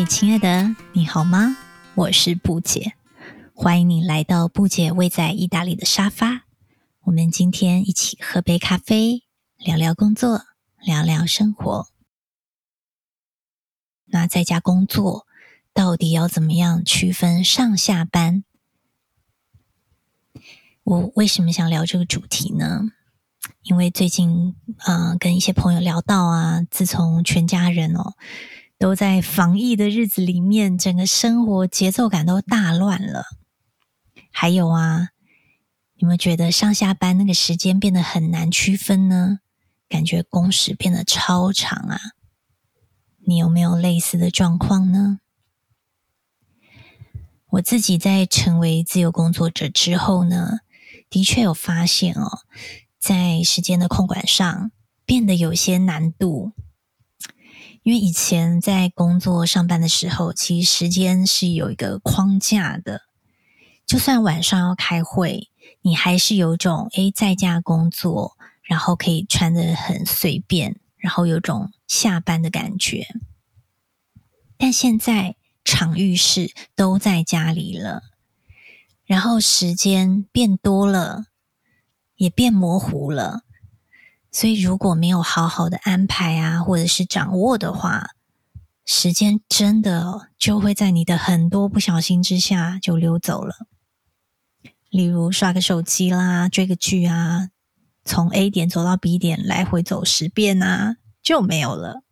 嘿，親愛的，你好嗎？我是布姐，歡迎你來到布姐位在意大利的沙發。我們今天一起喝杯咖啡，聊聊工作，聊聊生活。那在家工作到底要怎麼樣區分上下班？我為什麼想聊這個主題呢？因為最近，啊、呃，跟一些朋友聊到啊，自從全家人哦。都在防疫的日子裡面，整個生活節奏感都大亂了。還有啊，你們覺得上下班那個時間變得很難區分呢？感覺工時變得超長啊！你有沒有類似的狀況呢？我自己在成為自由工作者之後呢，的確有發現哦，在時間的控管上變得有些難度。因為以前在工作上班的時候，其實時間是有一個框架的。就算晚上要開會，你還是有種誒、哎、在家工作，然後可以穿得很隨便，然後有種下班的感覺。但現在場域是都在家裡了，然後時間變多了，也變模糊了。所以，如果沒有好好的安排啊，或者是掌握的話，時間真的就會在你的很多不小心之下就溜走了。例如刷個手機啦，追個劇啊，從 A 點走到 B 點，來回走十遍啊，就沒有了。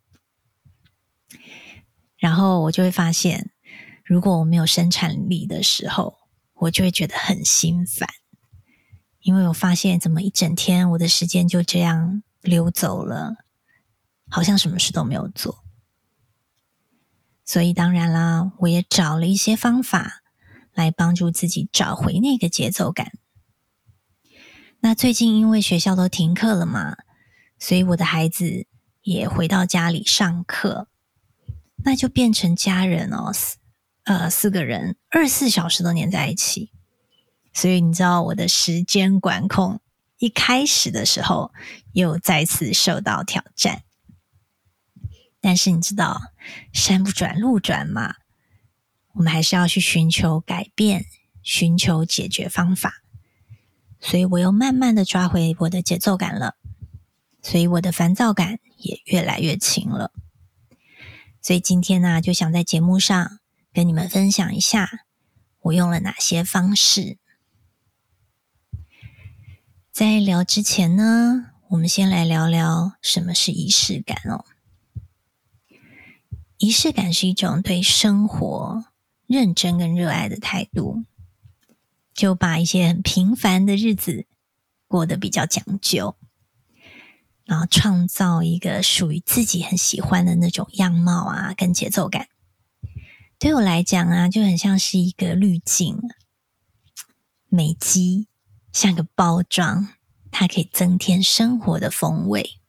然後我就會發現，如果我沒有生產力的時候，我就會覺得很心煩。因為我發現，怎麼一整天我的時間就這樣溜走了，好像什麼事都沒有做。所以當然啦，我也找了一些方法來幫助自己找回那個節奏感。那最近因為學校都停課了嘛，所以我的孩子也回到家裡上課，那就變成家人哦，四呃，四個人二十四小時都黏在一起。所以你知道我的時間管控一開始的時候又再次受到挑戰，但是你知道山不轉路轉嘛，我們還是要去尋求改變，尋求解決方法。所以我又慢慢的抓回我的節奏感了，所以我的煩躁感也越來越輕了。所以今天呢啊，就想在節目上跟你們分享一下，我用了哪些方式。在聊之前呢，我們先來聊聊什麼是儀式感哦。儀式感是一種對生活認真跟熱愛的態度，就把一些很平凡的日子過得比較講究，然後創造一個屬於自己很喜歡的那種樣貌啊，跟節奏感。對我來講啊，就很像是一個濾鏡，美肌。像個包裝，它可以增添生活的風味。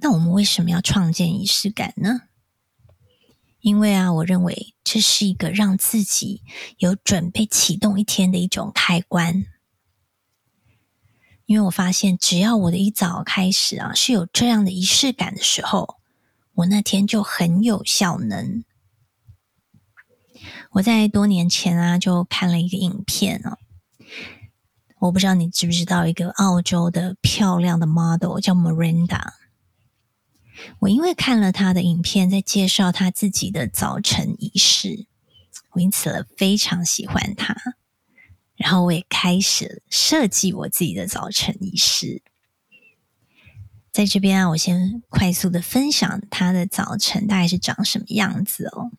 那我們為什麼要創建儀式感呢？因為啊，我認為這是一個讓自己有準備啟動一天的一種開關。因為我發現，只要我的一早開始啊，是有這樣的儀式感的時候，我那天就很有效能。我在多年前啊，就看了一個影片啊、哦。我不知道你知不知道一個澳洲的漂亮的 model 叫 Miranda 我因為看了她的影片，在介紹她自己的早晨儀式，我因此了非常喜歡她。然後我也開始設計我自己的早晨儀式。在這邊啊，我先快速的分享她的早晨大概是長什麼樣子哦。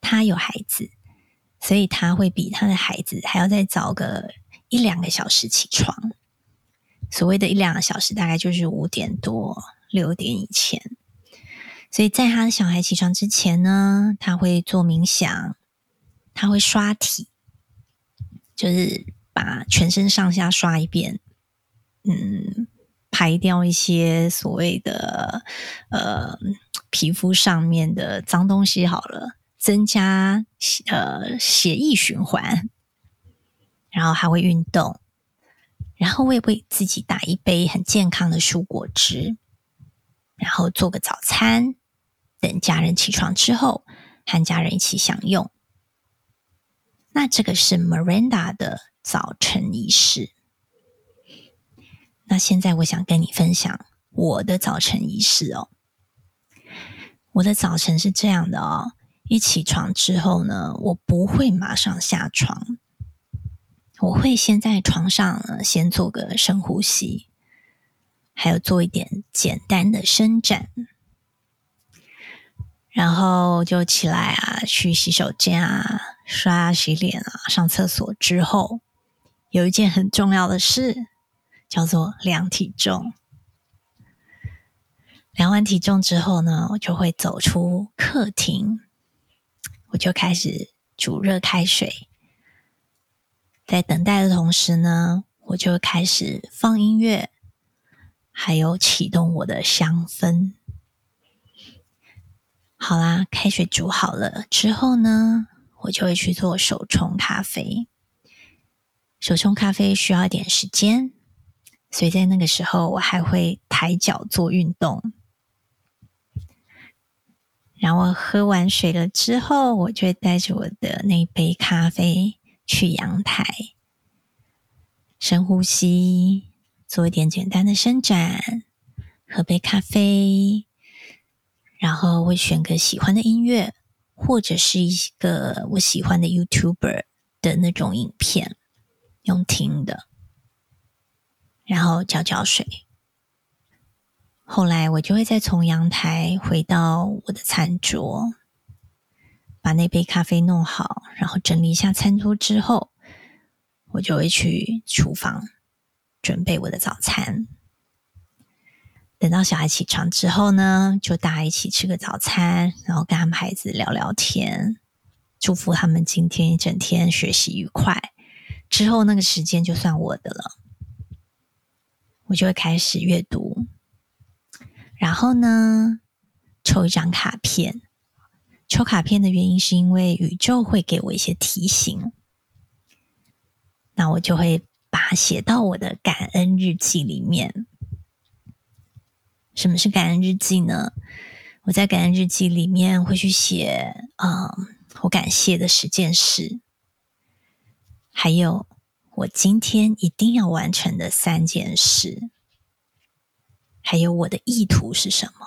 她有孩子。所以他會比他的孩子還要再早個一兩個小時起床。所謂的一兩個小時，大概就是五點多，六點以前。所以在他的小孩起床之前呢，他會做冥想，他會刷體，就是把全身上下刷一遍，嗯，排掉一些所謂的呃皮膚上面的髒東西好了。增加呃血液循環，然後還會運動，然後我也會自己打一杯很健康的蔬果汁，然後做個早餐，等家人起床之後，和家人一起享用。那這個是 Miranda 的早晨儀式。那現在我想跟你分享我的早晨儀式哦，我的早晨是這樣的哦。一起床之後呢，我不會馬上下床，我會先在床上先做個深呼吸，還有做一點簡單的伸展，然後就起來啊，去洗手間啊，刷牙洗臉啊，上廁所之後，有一件很重要的事叫做量體重。量完體重之後呢，我就會走出客廳，我就開始煮熱開水，在等待的同時呢，我就開始放音樂，還有啟動我的香氛。好啦，開水煮好了之後呢，我就會去做手沖咖啡。手沖咖啡需要一點時間，所以在那個時候我還會抬腳做運動。然後喝完水了之後，我就會帶着我的那杯咖啡去陽台，深呼吸，做一點簡單的伸展，喝杯咖啡，然後會選個喜歡的音樂，或者是一個我喜歡的 YouTuber 的那種影片，用聽的，然後澆澆水。後來我就會再從陽台回到我的餐桌，把那杯咖啡弄好，然後整理一下餐桌之後，我就會去廚房準備我的早餐。等到小孩起床之後呢，就大家一起吃個早餐，然後跟他們孩子聊聊天，祝福他們今天一整天學習愉快。之後那個時間就算我的了，我就會開始閱讀。然後呢，抽一張卡片。抽卡片的原因是因為宇宙會給我一些提醒，那我就會把它寫到我的感恩日記裡面。什麼是感恩日記呢？我在感恩日記裡面會去寫，啊、嗯，我感謝的十件事，還有我今天一定要完成的三件事。還有我的意圖是什麼？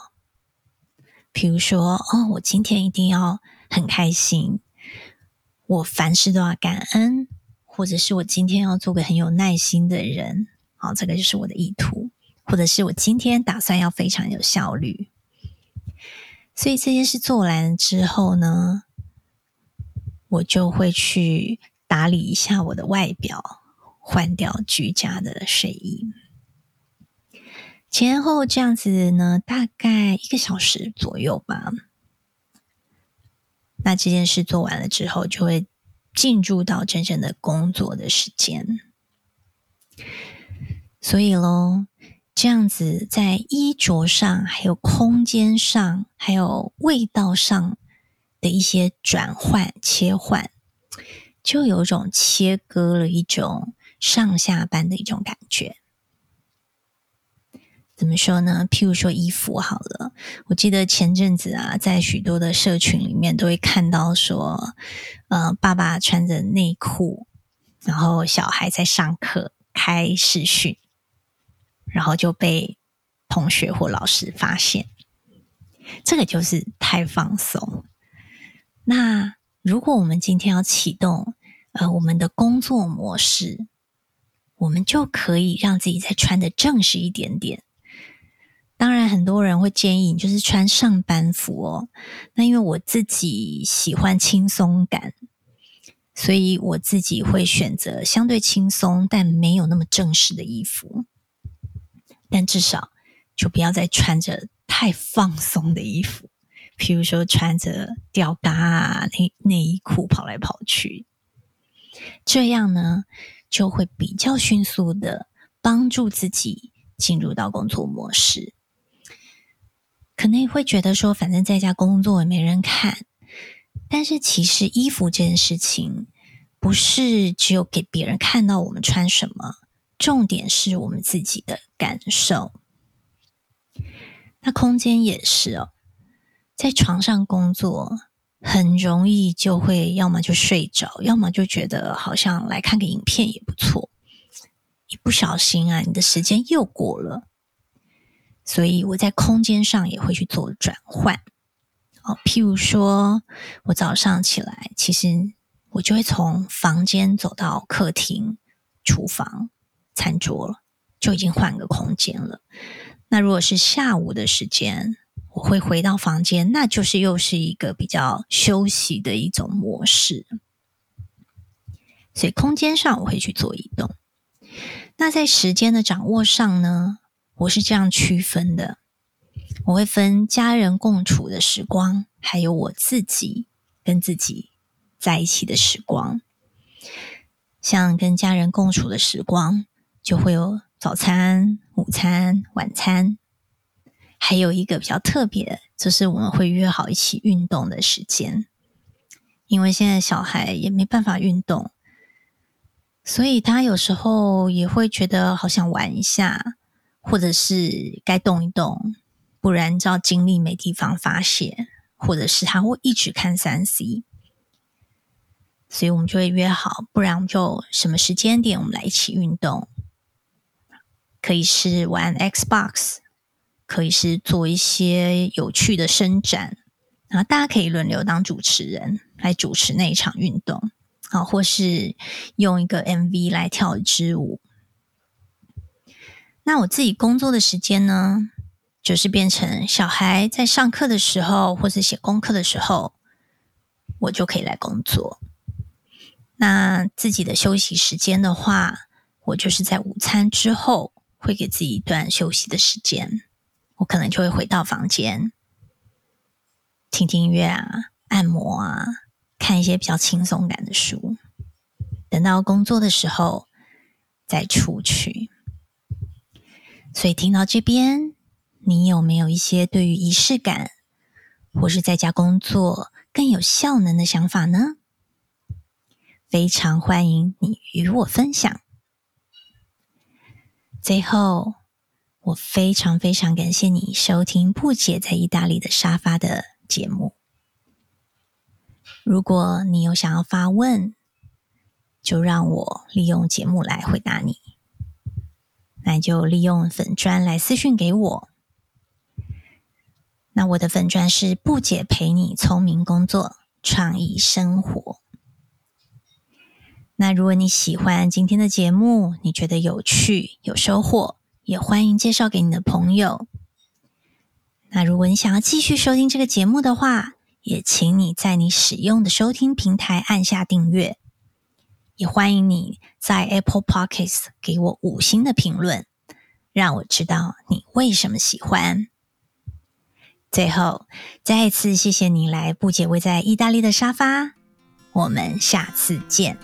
比如說，哦，我今天一定要很開心，我凡事都要感恩，或者是我今天要做個很有耐心的人，好、哦，這個就是我的意圖，或者是我今天打算要非常有效率。所以這件事做完之後呢，我就會去打理一下我的外表，換掉居家的睡衣。前後這樣子呢，大概一個小時左右吧。那這件事做完了之後，就會進入到真正的工作的時間。所以嘍，這樣子在衣着上、還有空間上、還有味道上的一些轉換切換，就有種切割了一種上下班的一種感覺。怎麼說呢？譬如說衣服好了，我記得前陣子啊，在許多的社群裡面都會看到說，呃，爸爸穿着內褲，然後小孩在上課開視訊，然後就被同學或老師發現，這個就是太放鬆。那如果我們今天要啟動呃我們的工作模式，我們就可以讓自己再穿得正式一點點。當然，很多人會建議你就是穿上班服哦。那因為我自己喜歡輕鬆感，所以我自己會選擇相對輕鬆但沒有那麼正式的衣服。但至少就不要再穿着太放鬆的衣服，譬如說穿着吊嘎啊內內衣褲跑來跑去，這樣呢就會比較迅速地幫助自己進入到工作模式。可能會覺得說，反正在家工作也沒人看，但是其實衣服這件事情，不是只有給別人看到我們穿什麼，重點是我們自己的感受。那空間也是哦，在床上工作很容易就會，要麼就睡着，要麼就覺得好像來看個影片也不錯。一不小心啊，你的時間又過了。所以我在空間上也會去做轉換，哦，譬如說我早上起來，其實我就會從房間走到客廳、廚房、餐桌了，就已經換個空間了。那如果是下午的時間，我會回到房間，那就是又是一個比較休息的一種模式。所以空間上我會去做移動。那在時間的掌握上呢？我是這樣區分的，我會分家人共處的時光，還有我自己跟自己在一起的時光。像跟家人共處的時光，就會有早餐、午餐、晚餐，還有一個比較特別，就是我們會約好一起運動的時間。因為現在小孩也沒辦法運動，所以他有時候也會覺得好想玩一下。或者是該動一動，不然就要精力沒地方發洩，或者是他會一直看三 C，所以我們就會約好，不然我們就什麼時間點我們來一起運動，可以是玩 Xbox，可以是做一些有趣的伸展，然後大家可以輪流當主持人來主持那一場運動，啊，或是用一個 MV 來跳一支舞。那我自己工作的時間呢，就是變成小孩在上課的時候或者寫功課的時候，我就可以來工作。那自己的休息時間的話，我就是在午餐之後會給自己一段休息的時間，我可能就會回到房間聽聽音樂啊、按摩啊、看一些比較輕鬆感的書，等到工作的時候再出去。所以聽到這邊，你有沒有一些對於儀式感，或是在家工作更有效能的想法呢？非常歡迎你與我分享。最後，我非常非常感謝你收聽布姐在意大利的沙發的節目。如果你有想要發問，就讓我利用節目來回答你。那就利用粉專來私訊給我。那我的粉專是“布姐陪你聰明工作，創意生活”。那如果你喜歡今天的節目，你覺得有趣、有收穫，也歡迎介紹給你的朋友。那如果你想要繼續收聽這個節目的話，也請你在你使用的收聽平台按下訂閱。也歡迎你在 Apple Podcasts 給我五星的評論，讓我知道你為什麼喜歡。最後，再一次謝謝你來布姐在意大利的沙發，我們下次見。